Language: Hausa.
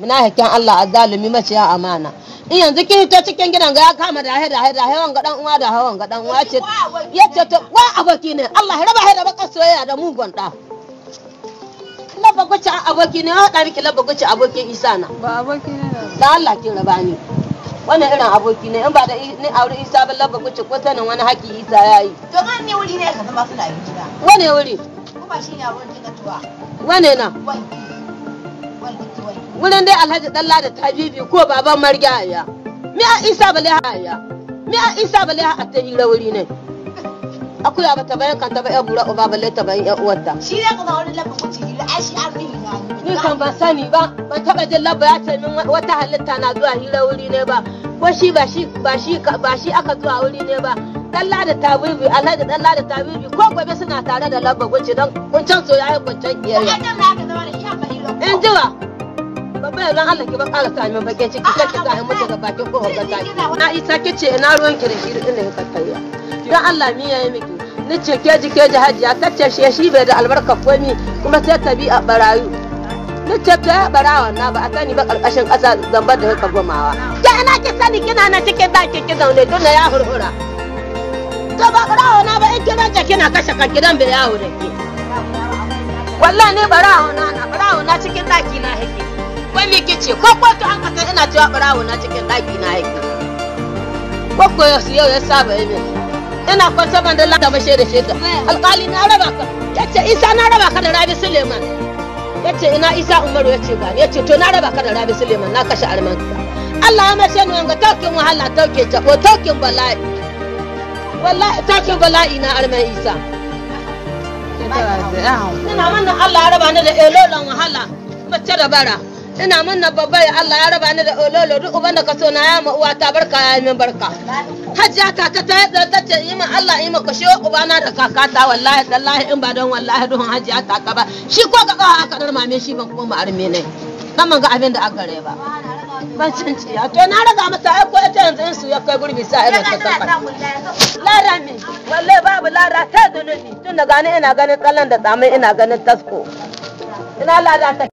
munafikin Allah azzalumi ya amana in yanzu kin hito cikin gidan ga ya kama da haida da hawan ga dan uwa da hawan ga dan uwa ce yace ta wa aboki ne Allah ya raba haida baka soyayya da mugun da labba guci aboki ne da miki labba guci abokin Isa na ba aboki ne da Allah kin raba ni wannan irin aboki ne in ba da ni aure Isa ba labba guci ko sanin wani haki Isa yayi to kan ne wuri ne ka zama suna yin gida wane wuri kuma shi ne abun da ka tuwa wane na wani wurin dai alhaji dalla da tabibi ko baban marigaya mi a isa bale haya mi a isa bale a ta hira wuri ne Akwai ba ta bayan kan ta bayan gura uba bale ta bayan yan uwarta shi ne ka ba wani lafa kuci hira ai shi an rihi na ni kan ban sani ba ban taba jin labba ya ce min wata halitta na zuwa hira wuri ne ba ko shi ba shi ba shi ba shi aka zuwa wuri ne ba dalla da tabibi alhaji dalla da tabibi ko gobe suna tare da labba guci don kun can soyayya kun can kiyaye in ji Babban idan Allah ki ba ƙara sa min bakin ciki kake sa in mutu ga bakin kofar ga taki. Na isa kice ina ruwan ki da shi da ina kakkaiya. Dan Allah mi yayi miki. Ni ce keji keji hajiya kace shi shi bai da albarka komi kuma sai ta bi a barayu. Ni ce ta barawa na ba a sani ba karkashin ƙasa zambar da ka gomawa. Ke ina ki sani kina na cikin daki ki zaune don ya hurhura. To ba barawa na ba in kina kina kashe kan gidan bai yawo da ke. Wallahi ne barawa na na barawa na ci barawo na cikin daki na aiki ko ya yau ya saba yi min ina kwan saman da lada bashe da sheta alƙali na raba ka yace isa na raba ka da rabi suleiman yace ina isa umaru yace gani yace to na raba ka da rabi suleiman na kashe arman Allah ya mace ni wanga taukin wahala tauke ta ko taukin bala'i wallahi taukin bala'i na arman isa ina wannan Allah ya raba ni da elolan wahala mace da bara ina babba ya Allah ya raba ni da ololo duk uban da ka so na ya ma uwa ta barka ya yi min barka hajja ta ta ta yadda ta ce yi ma Allah yi ma kashe ubana da kaka ta wallahi tallahi in ba don wallahi duhun hajja ta ka ba shi ko ga kawo aka dar mame shi ban kuma ma arme ne kaman ga abin da aka gare ba ban ya to na raga masa ai ko ya ita yanzu in su ya kai gurbi sa ai ba ta saka lara me walle babu lara ta dunubi tun da gani ina ganin tsallan da tsamai ina ganin tasko ina ta.